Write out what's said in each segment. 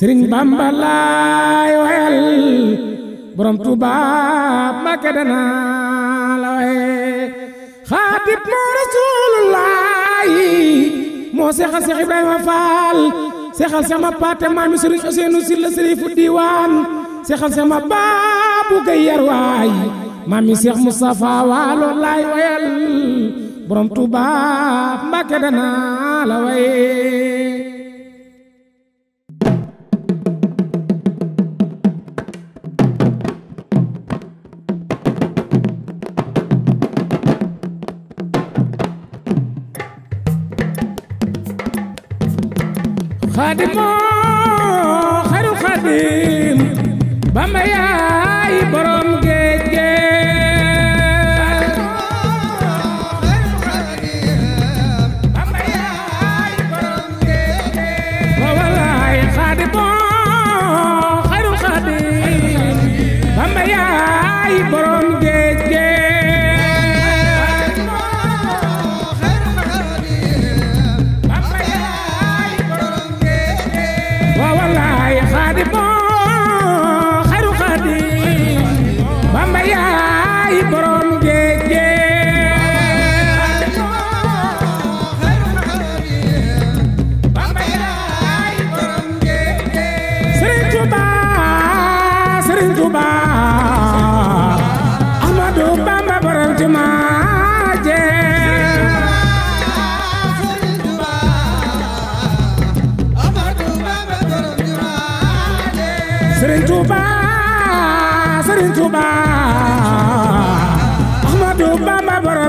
sëriñ bamba laay wayal borom tuba makke dana la waye xaatit moo rasulullahi moo seexal seex ibrahima faal seexal sama paate maami sëriñ Ousseynou Sylla sëriñ fu diwaan seexal sama baabu gay yar waay maami la waye xaadimoo xaru xaadim Bamba yaa tu mamá por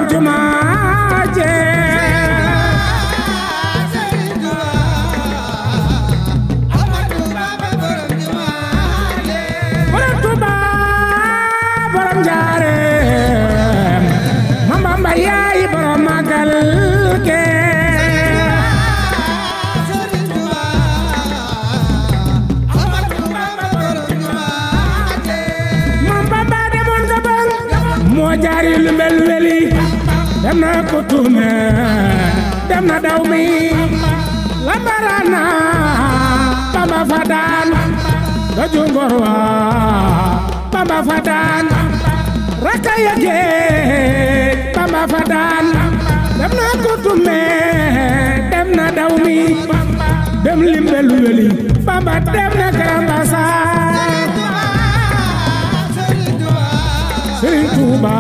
dem na ko tuume dem na daw mi lambarana bamba fa daan doju ngor wa bamba fa daan raka ya géej bamba fa daan dem na ko tuume dem na daw mi dem limbelu weli bamba dem na Grand Bassam Serigne Touba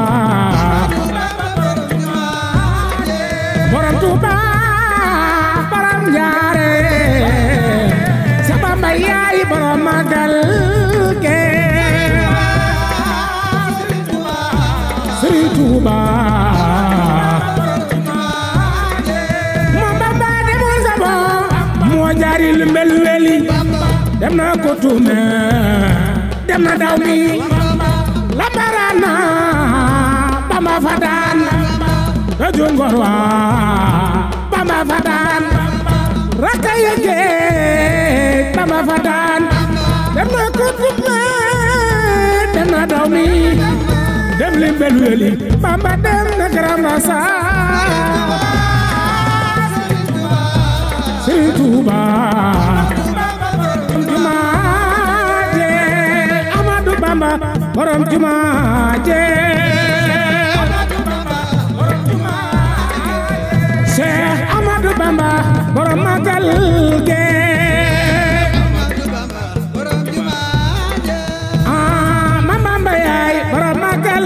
Touba borom jaare sa Bamba yaay borom magal ke Serigne Touba moo Bamba demul sabo moo jaari lu mel weli dem na ko tuume dem na daw mi la barana Bamba fa daan rajo ngor wa bamba fa daan raka yege bamba fa daan dem na kutub ma dem na daw mi dem lim belu yeli bamba dem na grand rasa Sëriñ Tuuba juma je Amadou Bamba borom juma je Cheikh Amadou Bamba borom magal ge Amadou Bamba borom jumaa ja ah Mame Bamba yaay borom magal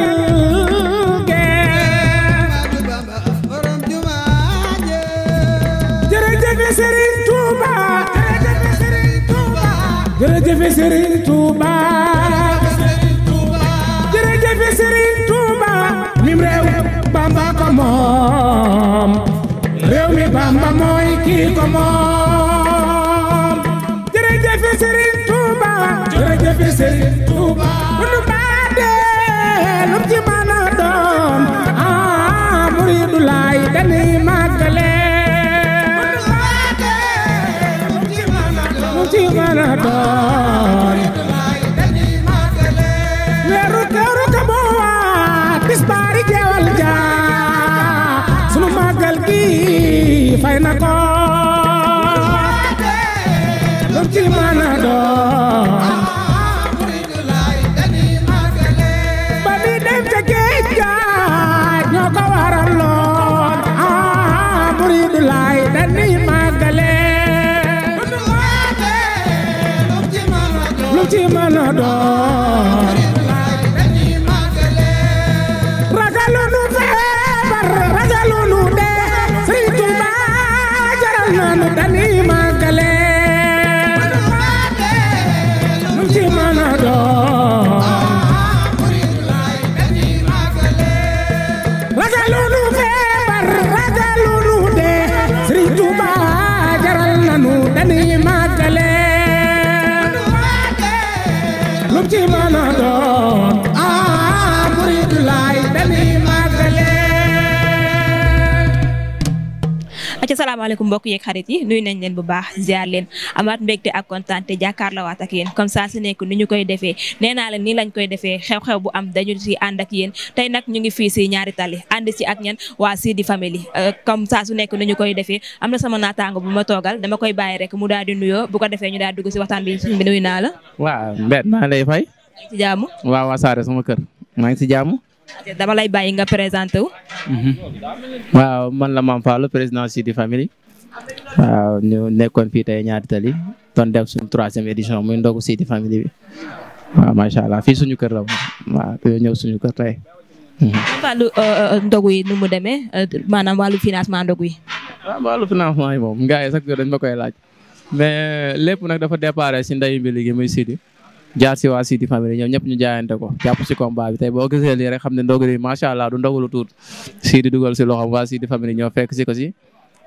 ge Amadou Bamba borom jumaa ja jërëjëf Serigne Touba jërëjëf Serigne Touba jërëjëf Serigne Touba jërëjëf Serigne Touba mim réew Bamba ko moom réew mi Bamba mooy kii ko moom jërëjëf Serigne Touba jërëjëf Serigne Touba lu nu baa dee lu ci mën a doon aa ah, muridu laay dañuy màggale lu ci mën a mbokk yeeg xarit yi nuyu nañ leen bu baax ziar leen amaat mbégte ak kontaan te jàkkaarloowaat ak yéen comme saa su nekk ni ñu koy defee nee naa leen nii lañ koy defee xew-xew bu am dañu ci ànd ak tey nag ñu ngi fii si ñaari tali ànd si ak ñan waa Sidi Family euh, comme saa su nekk ni ñu koy defee am na sama naataango bu ma toogal dama koy bàyyi rek mu daal di nuyoo bu ko defee ñu daal dugg si waxtaan bi bi nuyu naa la waaw mbet maa lay fay ci jaamu waaw wasaare sama kër maa ngi si jaamu dama lay bàyyi nga présenté mhm. man la Mame Fallou président Sidi Family waaw ñu nekkoon fii te ñaari tali doon def suñu troisième édition muy ndogu Sidi famille bi waaw macha allah fii suñu kër la waaw dañoo ñëw suñu kër tey. wàllu euh, euh, ndogu yi nu mu demee euh, maanaam wàllu financement ndogu yi. waaw ah, wàllu financement yi moom gars yi sax dañ ma koy laaj mais lépp nag dafa déparé si ndeyu mbili gi Sidi jaar si waa Sidi famille ñoom ñëpp ñu jaayante ko jàpp si combat bi tey boo gisee lii rek xam ne ndogu yi macha allah du ndogu lu tuut Sidi dugal si loxoom waa Sidi famille ñoo fekk si ko si.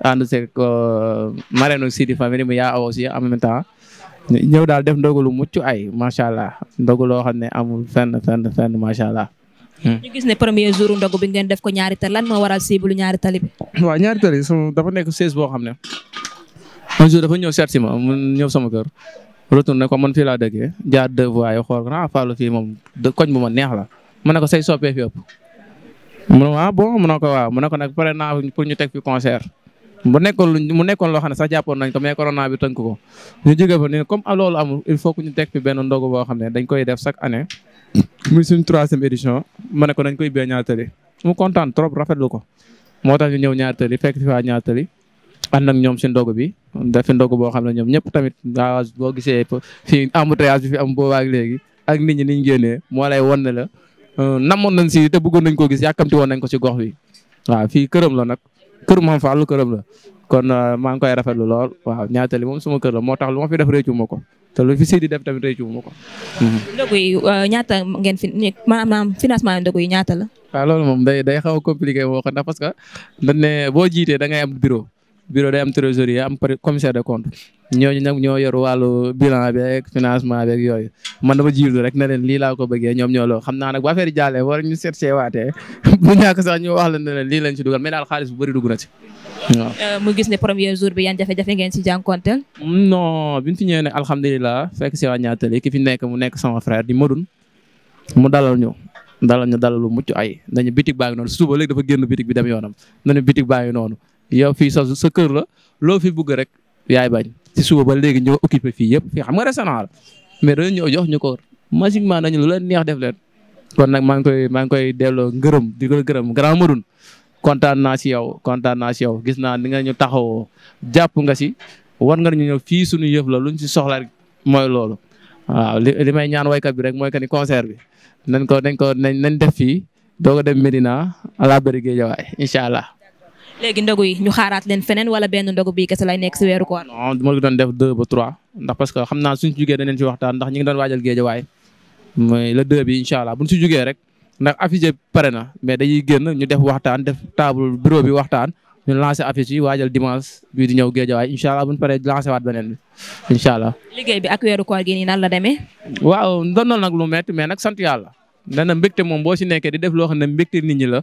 and c'est que marraine aussi di famille mu ya aw aussi en même temps ñëw dal def ndogalu muccu ay macha allah ndogu loo xam ne amul fenn fenn fenn macha allah. ñu hmm. gis ne premier jour ndogu bi ngeen def ko ñaari tal lan mo waral cible ñaari talib wa ñaari tal sama dafa nek 16 bo xam un jour dafa ñew certi ma ñew ñëw sama kër. retourné ko man fi la dëggee jaar deux voix yo xor grand fallu fi mom de koñ bu ma neex la man ne ko say sopé fi ëpp. mu ne ah bon mu ne ko waaw mu ne ko nag pare naa pour ñu tek fi concert. mu nekkoon lu mu nekkoon loo xam ne sa jàppoon nañ ko mais corona bi tënk ko ñu jóge fa ne comme loolu amul il faut que ñu teg fi benn ndogu boo xam ne dañ koy def chaque année. muy suñ troisième édition ma ne ko koy bee ñaar tëli kontaan trop rafetlu ko moo tax ñu ñëw ñaar tëli fekk fi waa ñaar tëli ànd ak ñoom si ndogu bi dafi ndogu boo xam ne ñoom ñëpp tamit waaw ah, boo gisee fii embouteillage bi fi am boobaak léegi ak nit ñi niñ génnee moo lay wan ne la euh, namoon nañ si te bëggoon nañ ko gis yàkkamti woon nañ ko si gox bi waaw fii këram la kër Mame Fallou këram la kon euh, maa ngi koy rafetlu lool waaw ñaatali moom suma kër moo tax lu ma fi def réccu ma ko te lu fi si di def tamit réccu ma ko. Mhm. ndogu yi euh, ñaata ngeen fi maanaam financement ndogu yi ñaata la. waaw ah, loolu moom day day xaw a woo ko ndax parce que dañ ne boo jiitee da ngay am bureau. bureau day am trésorier am commissaire de compte ñooñu nag ñoo yor wàllu bilan bi ak financement bi ak yooyu man dama jiitu rek ne leen lii laa ko bëggee ñoom ñoo loo xam naa nag bu affaire jàllee war ñu seet seewaatee bu ñàkk sax ñu la ne leen lii lañ ci dugal mais daal xaalis bu euh, mu gis ne premier jour bi yan jafe-jafe ngeen ci jànkuwanteel. non bi ñu fi ñëwee ne alhamdulilah fekk si waa ñaatali ki fi nekk mu nekk sama frère di Modou mu dalal ñu. dalal ñu dalal lu mucc ay dañu bitig baa ngi noonu suba léegi dafa génn bitig bi dem yoonam nañu bitig baa ngi noonu yow fii sa sa kër la loo fi bugg rek yaay bañ si suba ba léegi ñoo occupé fii yëpp fii ma nga restaurant la mais dañu jox ñu ko magiquement nañu lu leen neex def leen. kon nag maa ngi koy maa ngi koy delloo ngërëm di ko gërëm grand Madoune kontaan naa si yow kontaan gis naa ni nga ñu taxawoo jàpp nga si war nga ñu ñëw fii suñu yëf la luñ ci soxla rek mooy loolu. waaw li li may ñaan waykat bi rek mooy que ni concert bi nañ ko nañ ko nañ nañ def fii doog a dem Medina à la bëri Géejawaay incha allah. léegi ndogu ñu xaaraat leen feneen wala benn ndogu bii kese lay nekk si weeru koor. non dama ko doon def deux ba trois ndax parce que xam naa suñ jugee dañ ndax waajal géej waaye mooy deux bi incha allah buñ si jugee rek ndax affiche pare na mais dañuy génn ñu def waxtaan def table bureau bi waxtaan ñu lancé affiche yi waajal dimanche bii di ñëw géej waaye incha allah buñ paree lancé waat beneen bi incha allah. liggéey bi ak weeru la demee. waaw doon na nag lu métti mais nag sant yàlla nee na mbégte moom boo si nekkee di def loo xam ne mbégte nit ñi la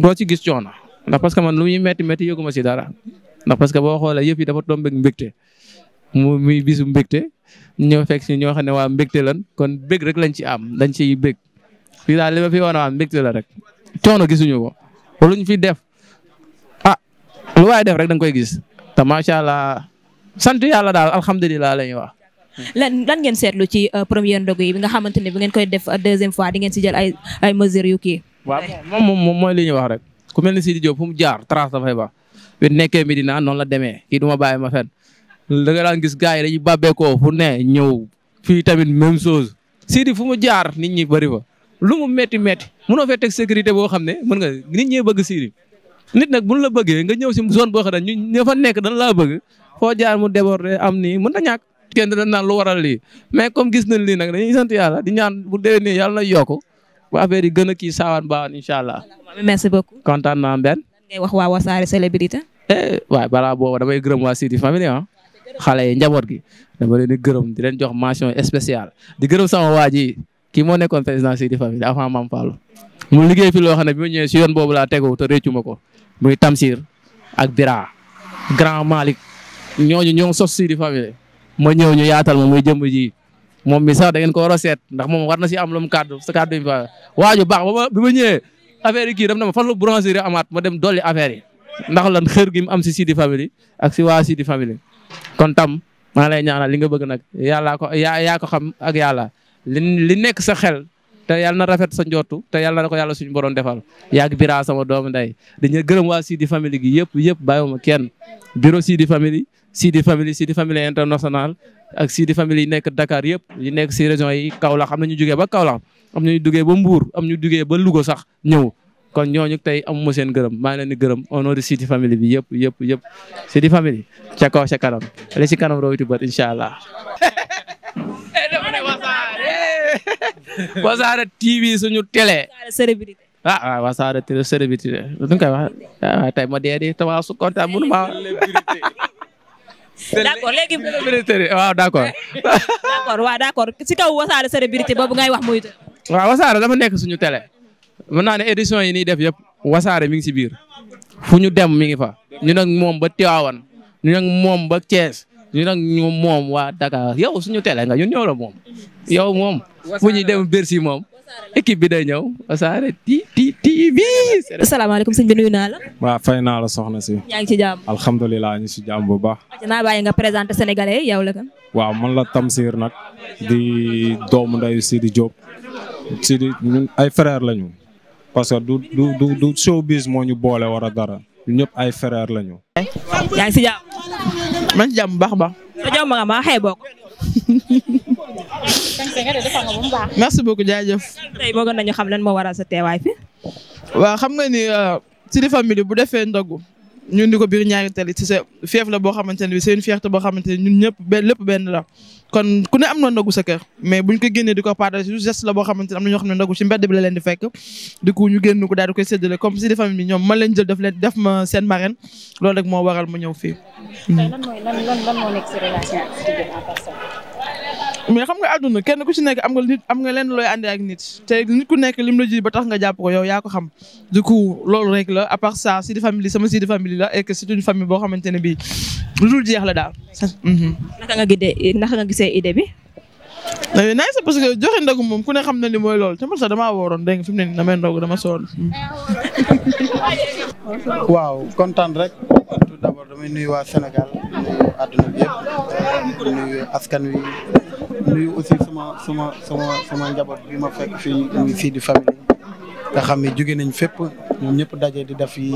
boo si gis coono ndax parce que man lu meti métti métti ma si dara ndax parce que boo xoolee yëf yi dafa tombeeg mbégte mu muy bisu mbégte ñëw fek si ñoo xam ne waa mbégte lan kon bég rek lañ ci am dañ ciy bég fii daal li ma fi wan waa mbégte la rek coono gisuñu ko luñ fi def ah lu waay def rek da koy gis te macha allah sant yàlla daal alhamdulilah la ñuy wax. lan lan ngeen seetlu ci euh, premier ndogu yi bi nga xamante ne bi ngeen koy def euh, deuxième fois di ngeen si jël ay ay mesures yu kii. waaw moom moom mooy li ñu wax rek. ku mel ni Sidi Diop fu mu jaar trace dafay ba bi nekkee Medina noonu la demee kii du ma bàyyi ma fen da nga daan gis gars yi dañuy bàbbeekoo fu ne ñëw fii tamit même chose Sidi fu mu jaar nit ñi bëri fa lu mu métti métti mënoo fee teg sécurité boo xam ne mën nga nit ñi bëgg Sidi nit nag bu ñu la bëggee nga ñëw si zone boo xam ne ñu ña fa nekk dañ laa bëgg foo jaar mu déborder am ni mën na ñàkk kenn dana naan lu waral lii mais comme gis nañ lii nag dañuy sant yàlla di ñaan bu déwénee yàlla yokk bu affaire yi gën a kii saawaan baawaan incha allah. merci beaucoup kontaan naa wax waa wasaare célébrité. Eh, waaye balaa booba damay gërëm waa Sidi Family ah. xale yi njaboot gi dama leen di gërëm di leen jox mention spéciale di gërëm sama waa ji kii moo nekkoon président Sidi Family avant Mame Fallou mu liggéey fi loo bi ma ñëwee si yoon boobu laa tegu te réccu ma ko muy Tamsir ak Bira grand Malick ñooñu ñoo sos Sidi Family ma ñëw ñu yaatal ma muy jëmb ji. mom mi sax da ngeen ko wara set ndax mom warna na si am lu mu kàddu sa kàddu yi waaju bax ma bi affaire yi ki dama na ma fan boulangerie amat ma dem doli affaire yi ndax lan xër gi mu am si Sidi Family ak si wa Sidi Family kon tam ma lay ñaanal li nga bëgg ya yalla ko ya ya ko xam ak yalla li nekk sa xel te yalla na rafet sa njortu te yalla na ko yalla suñu borom defal yaag bira sama doom nday ñe gëreum wa Sidi Family gi yep yep bàyyiwuma kenn bureau Sidi Family Sidi Family Sidi Family international ak si di famille yi nekk Dakar yëpp yi nekk si région yi Kaolack am na ñu jugee ba Kaolack am na ñu jugee ba Mbour am ñu jugee ba Louga sax ñëw kon ñooñu tey amuma seen gërëm maa ngi leen di gërëm au nom de Sidi bi yëpp yëpp yëpp Sidi famille ca kaw ca kanam li si kanam rawatina bët incha allah. Wassare TV suñu télé. ah waaw Wassare TV wax ah, tey ma dee di tamaa su kontaan d' accord léegi. waaw d' accord. d' accord waaw d' accord si kaw wasaare célébrité boobu ngay wax muy. waaw wasaare dama nekk suñu télé. mën naa ne édition yi nii def yëpp wasaare mi ngi si biir fu ñu dem mi ngi fa ñu nag moom ba Tivaouane ñu nag moom ba Thiès ñu nag ñu moom waa Dakar yow suñu télé nga ñun ñoo la moom. yow moom dem Bercy moom équipe bi day ñëw TV. salaamaaleykum sëñ bi nuyu naa la. waaw fay naa la soxna si. yaa ci jàmm. alhamdulilah ñu ci jàmm bu baax. naa bàyyi nga présenté sénégalais yow la kan. waaw man la Tamsir nag di doomu ndeyu Sidi Diop Sidi ñun ay frère lañu parce que du du du moo ñu boole war a dara ñun ay frère lañu. yaa ngi si jàmm. man si jàmm bu baax a baax. sa jàmm nga ma xëy nañu xam lan moo waral sa teewaay fi. waaw xam nga ni Sidy euh, Family bu defee ndogu ñun di ko biir ñaari tali ci sa fief la boo xamante ne bi c'est une boo xamante ne ñun ñëpp benn lépp benn la kon ku ne am na ndogu sa kër mais buñ ko génnee di ko partage la boo xamante ne xam ne ndogu ci mbedd bi la leen di fekk du coup ñu génn ko daal di koy séddale comme Sidy Family ñoom man lañ jël daf leen def ma seen marraine loolu rek moo waral ma ñëw fii. mais xam nga àdduna kenn ku si nekk am nga nit am nga lenn looy àndi ak nit te nit ku nekk lim la ji ba tax nga jàpp ko yow yaa ko xam du coup loolu rek la à part ça Sidi Family sama Sidi Family la et que c'est une famille boo xamante ne bii lu dul jeex la daal. Mhm. naka nga gisee naka nga gisee idée bi. mais eh, naaj parce que joxe ndogu moom ku ne xam na ni mooy loolu te man sax damaa wooroon dégg nga fi mu ne nii damay ndogu dama sonn. waaw kontaan rek. tout d'abord damay waa Sénégal nuyu àdduna bi yëpp nuyu askan wi. Nous aussi sama sama sama sama njaboot bi ma fekk famille nga xam ne nañ fépp di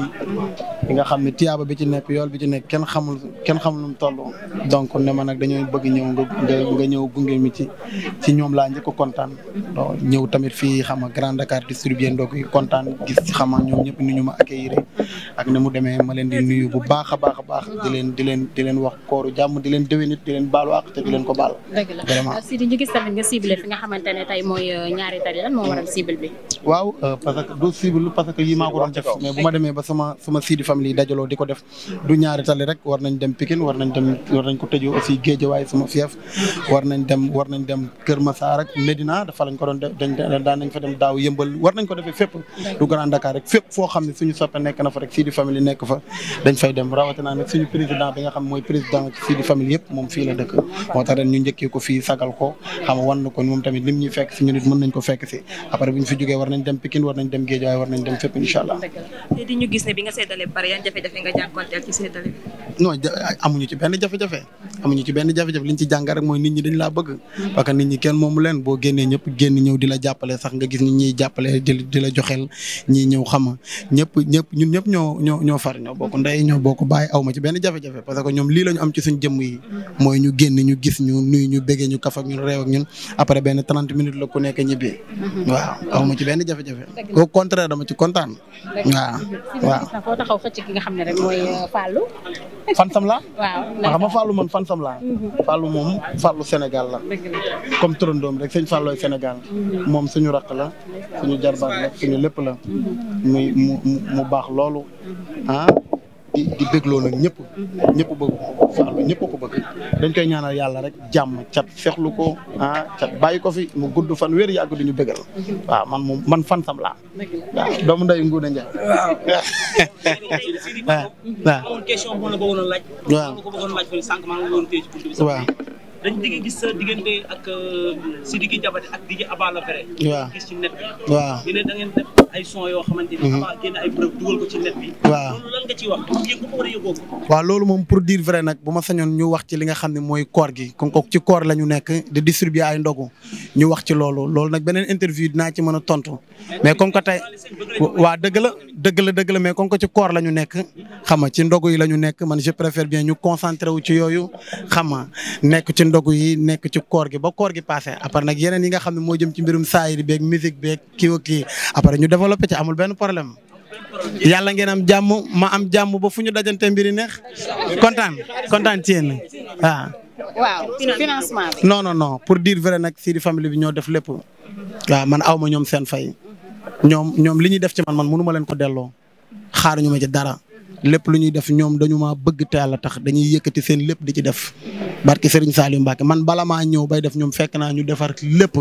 li nga xamni ne bi ci nepp yol bi ci nek ken xamul ken xamul num tollu donc ne ma nak dañoy bëgg ñew nga nga ñëw gunge mi ci ci ñom la ñëk contane do ñew tamit fi xama Grand Dakar distribué ndog yi contane gis ci xama ñom ñëpp ni ñuma ma accueillir ak ne mu démé ma leen di nuyu bu baaxa baaxa baax di leen di leen di leen wax kooru jamm di leen nit di leen balu ak te di leen ko bal deug la euh, Sidi ñu gis tamit nga cible fi nga xamantene tay moy euh, ñaari tari lan mo waral cible bi. waaw euh, parce que do cible parce que yi mako doon def mais buma démé ba sama sama Sidi xam li dajalo diko def du ñaari tali rek war nañ dem Pikine war nañ dem war nañ ko tëju aussi way sama fief war nañ dem war nañ dem keur massa rek Medina dafa lañ ko don dañ daan nañ fa dem daw yëmbal war nañ ko def fepp du Grand Dakar rek fepp fo xamni suñu soppe nek na fa rek Sidi Family nek fa dañ fay dem rawati na nag suñu president bi nga xam moy president ci Sidi Family yëpp mom fi la dëkk mo tax ren ñu ñëkke ko fi sagal ko xam wan ko moom tamit lim ñi fekk si ñu nit mën nañ ko fekk ci après buñ fi jógee war nañ dem Pikine war nañ dem Guédiawaye war nañ dem fépp incha allah yan jafe-jafe nga jànkonteel ci séddale bi. non amuñu ci benn jafe-jafe amuñu ci benn jafe-jafe liñ ci jàngat rek mooy nit ñi dañ laa bëgg parce que nit ñi kenn moomu leen boo génnee ñëpp génn ñëw di la jàppale sax nga gis ñi ñuy jàppale di di la joxeel ñii ñëw xama ñëpp ñëpp ñun ñëpp ñoo ñoo ñoo far ñoo bokk ndey ñoo bokk bàyyi aw ma ci benn jafe-jafe parce que ñoom lii la ñu am ci suñ jëmm yi mooy ñu génn ñu gis ñu nuyu ñu béggee ñu kaf ak ñun réew ak ñun après benn trente minutes la ku nekk ñibbi waaw aw ma ci benn jafe-jafe au contraire dama ci kontaan waaw waaw fansam laa. waaw ndax xam nga Fallou man fansam laa. Fallou moom fallu Sénégal la. comme turandoom rek sëñ Fallou Sénégal. moom suñu rakk la suñu jarbaat la suñu lépp la. muy mu mu baax loolu ah. di di bégloo nag ñëpp ñëpp bëgg Fallou ko bëgg dañ koy ñaanal yàlla rek jàmm cat fexlu ko a ah, cat bàyyi ko fi mu gudd fan wér yàgg duñu bégal waaw man moom man fan sam laa waaw nday Ngoune Ndiaye waaw waaw waaw dañ euh, son yoo xamante mhm. loolu moom pour dire vrai nag bu ma sañoon ñu wax ci li nga xam ne mooy koor gi kon ko ci koor la ñu nekk di distribuer ay ndogu ñu wax ci loolu loolu nag beneen interview dinaa ci mën a tontu. mais comme que tey waa dëgg la dëgg la dëgg la mais comme que ci koor la ñu nekk xam nga ci ndogu yi la ñu nekk man je préfère bien ñu concentré wu ci yooyu xam nekk ndogu yi nekk ci koor gi ba koor gi passé après nag yeneen yi nga xam ne moo jëm ci mbirum saayir beeg musique beeg kii ak kii après ñu développé ci amul benn problème yàlla ngeen am jàmm ma am jàmm ba fu ñu dajante mbiri neex kontaan kontaan ci yéen ah. waaw. waaw financement bi. pour diir vrai nag Sidi famille bi ñoo def lépp waaw ah, man aw ma ñoom seen fay ñoom ñoom li ñuy def ci man man mënu ma leen ko delloo xaaruñu ma ci dara. lépp lu ñuy def ñoom dañu ma bëgg te yàlla tax dañuy yëkkati seen lépp di ci def barki Serigne Saliou Mbacke man bala maa ñëw bay def ñoom fekk naa ñu defar lépp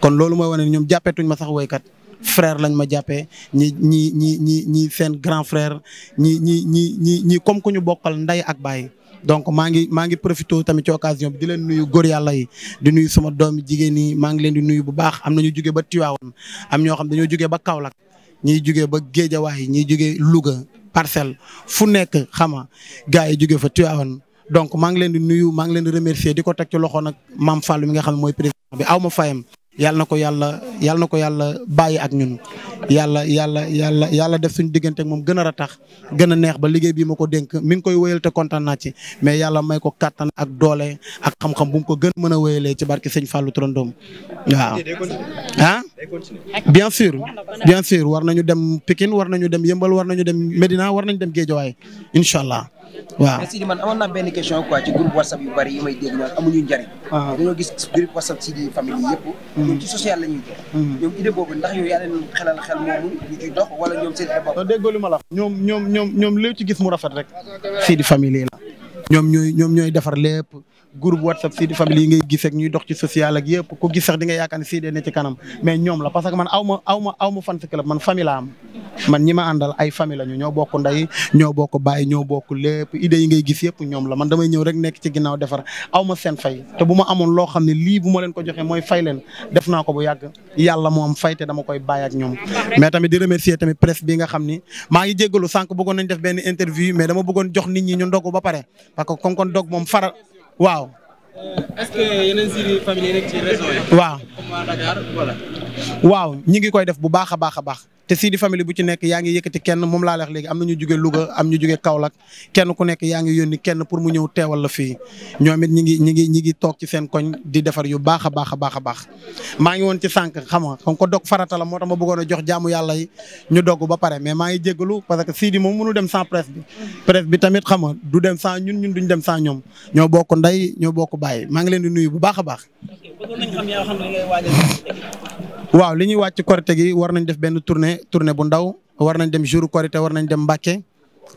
kon loolu mooy wane ne ñoom jàppeetuñ ma sax kat frère lañ ma jàppee ñi ñi ñi ñi ñi seen grand frère ñi ñi ñi ñi ñi ku ñu bokkal nday ak baay donc maa ngi maa ngi profité tamit ci occasion bi di leen nuyu góor yàlla di nuyu suma doom jigéen yi maa ngi leen di nuyu bu baax am na ñu jugee ba Tivaouane am ñoo xam dañoo jugee ba Kaolack ñiy jugee ba géejawaay ñiy jugee Louga parcelle fu nekk xama gars yi juge fa Tivaouane donc maa ngi leen di nuyu maa ngi leen di remercier di ko teg ci loxo nag maam Fallou mi nga xam ne mooy président bi aw ma fayam yàlla na ko yàlla yàlla na ko yàlla bàyyi ak ñun yàlla yàlla yàlla yàlla def suñ diggante moom gën a ratax gën a neex ba liggéey bii ma ko dénk mi ngi koy wéyal te kontaan naa ci mais yàlla may ko kattan ak doole ak xam-xam bu mu ko gën a mën a wéyalee ci barke sëñ Fallou Trondoom waaw bien sûr bien sûr war nañu dem Pikine war nañu dem Yëmbal war nañu dem Medina war nañu dem Géejawaay incha allah waaw. mais Sidi man amoon naa benn question quoi ci groupe WhatsApp yu bari yi may dégg ñoom amuñu njariñ. Ah. gis groupe WhatsApp Sidi famille yëpp. Hmm. ñoom ci social la ñuy hmm. ñoom idée boobu ndax yow yaa leen xelal xel moomu ñu ciy dox wala ñoom seen i bopp. déggoo li ma la ñoom ñoom ñoom ci gis mu rafet rek. Sidi famille la. ñoom ñooy ñoom ñooy defar lépp. groupe whatsapp Sidi famille yi ngay gis ak dox ci social ak yëpp ku gis di nga yaakaar ne ne ci kanam mais ñoom la parce que man aw fan club am man ñi ma àndal ay famille la ñu ñoo bokk ndey gis yëpp ñoom la man damay ñëw rek nekk ci ginnaaw defar aw ma seen fay te bu ma amoon loo xam ne lii bu ma leen ko joxee mooy fay leen def naa ko bu yàgg yàlla moom fay te dama koy bàyyi ak ñoom mais tamit di remercier tamit presse bi nga xam ni maa ngi jéggalu sànq bëggoon nañ def benn interview mais dama bëggoon jox nit ñi ñu ndogu ba pare parce que kon dog moom fara waaw. est-ce que yeneen séries familiales yi nekk ci région yi. waaw comme waa Dakar wala. waaw ñi ngi koy def bu baax a baax a baax te Sidi famille bu ci nekk yaa ngi yëkkati kenn moom laa wax léegi am na ñu jóge Louga am ñu jóge Kaolack kenn ku nekk yaa ngi yónni kenn pour mu ñëw teewal la fii ñoom it ñi ngi ñi ngi ñi ngi toog ci seen koñ di defar yu baax a baax a baax a baax maa ngi woon ci sànq xam nga xam ko dog farata la moo tax ma bëggoon a jox jaamu yàlla yi ñu dogg ba pare mais maa ngi jéggalu parce que Sidi moom mënu dem sans presse bi bi tamit xam nga du dem sans ñun ñun duñ dem sans ñoom ñoo bokk ndey ñoo bokk bàyyi maa ngi leen di nuyu bu baax baax waaw li ñuy ci korite gi war nañ def benn tournée tournée bu ndaw war nañ dem jour korite war nañ dem Mbacke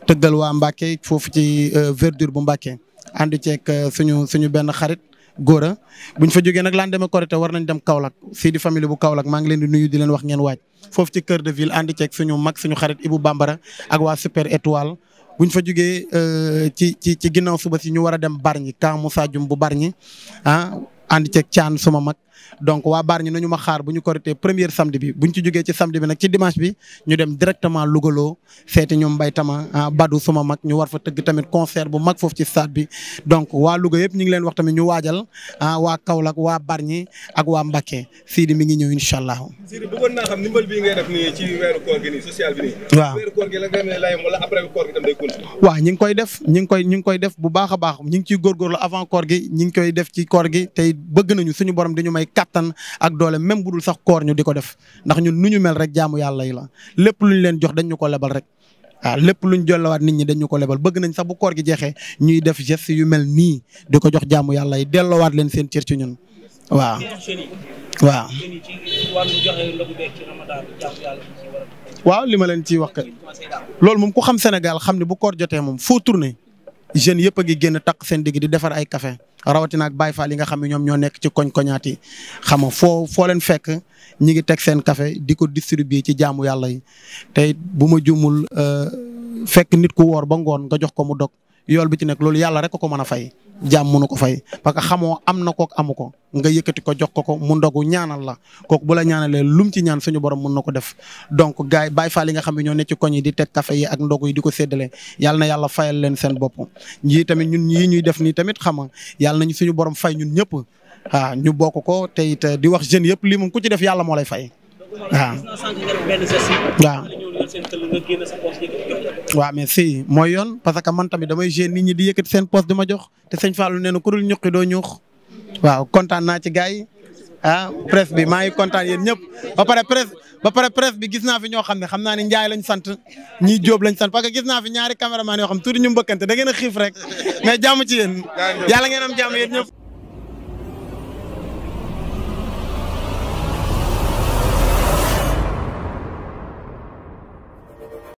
tëggal waa Mbacke foofu ci euh, verdure bu Mbacke ànd ceeg euh, suñu suñu benn xarit góora buñ fa jógee nag laan demee korite war nañ dem Kaolack fii di famille bu kawlak maa ngi leen di nuyu di leen wax ngeen waaj foofu ci cœur de ville ànd ceeg suñu mag suñu xarit Ibou Bambara ak waa Super Étoile buñ fa jógee euh, ci ci ci ginnaaw suba si ñu war a dem Bargny Ka Moussa jum bu Bargny ah ànd ceeg caan suma mag donc waa Bargny nañu ma xaar buñu korité premier samedi bi buñ ci joggé ci samedi bi nak ci dimanche bi ñu dem directement lugolo fété ñom Mbaye Tama ah, suma mak ñu war fa tëgg tamit concert bu mak fofu ci stade bi donc wa lugo yépp ñing leen wax tamit ñu wajal wa ah, kaolak wa waa ak waa Mbacké Sidi mi ngi ñew inshallah Sidi bëggoon na xam nimbal bi ngay def ni ci wéru koor gi ni social bi ni wéru koor gi la nga lay wala après koor gi tam day continuer. wa ñing koy def ñing koy ñing koy def bu baax ñing ci gor gor ciy avant koor gi ñing koy def ci koor gi tay bëgg nañu suñu borom dañu may kattan ak doole même bu sax koor ñu di ko def ndax ñun nu ñu mel rek jaamu yàlla yi la lépp lu ñu leen jox dañ ñu lebal rek. waaw lépp luñ jollawaat nit ñi dañu ko lebal bëgg nañ sax bu koor gi jeexee ñuy def geste yu mel nii di ko jox jaamu yàlla yi delloowaat leen seen cër ci ñun waaw. waaw. waaw li ma leen ciy wax kat loolu moom ku xam Sénégal xam ne bu koor jotee moom foo tourné jeunes yëpp a ngi génn takk seen digg di defar ay kafe rawatina ak Baye Fall yi nga xam ne ñoom ñoo nekk ci koñ-koñaat yi xam nga foo foo leen fekk ñi ngi teg seen kafe di ko distribuer ci jaamu yàlla yi tey bu ma jumul euh, fekk nit ku woor ba ngoon nga jox ko mu dog yool bi ci nekk loolu yàlla rek ko mën a fay jaam mënu ko fay parce que xamoo am na ko amu ko nga yëkkati ko jox ko ko mu ndogu ñaanal la kooku bu la ñaanalee lum ci ñaan suñu borom mun na ko def donc gars yi Baay Faal yi nga xam ne ñoo ne ci koñ yi di teg café yi ak ndogu yi di ko séddale yàlla na yàlla fayal leen seen bopp ñi tamit ñun ñii ñuy def nii tamit xam yàlla nañu suñu borom fay ñun ñëpp waaw ñu bokk ko te it di wax jeunes yëpp lii moom ku ci def yàlla moo lay fay waaw waaw seen këll mooy yoon parce que man tamit damay génn ni ñi di yëkkati seen poche di ma jox te sëñ Fallou nee na ku dul ñuqi doo ñuux waaw kontaan naa ci gars yi ah presse bi maa ngi kontaan yéen ñëpp ba pare presse ba pare presse bi gis naa fi ñoo xam ne xam naa ne Ndiaye lañ sant ñii Diop lañ sant parce que gis naa fi ñaari caméraman yoo xam tuuti ñu mbëkkante da ngeen a xiif rek mais jàmm ci yéen yàlla ngeen am jàmm ñëpp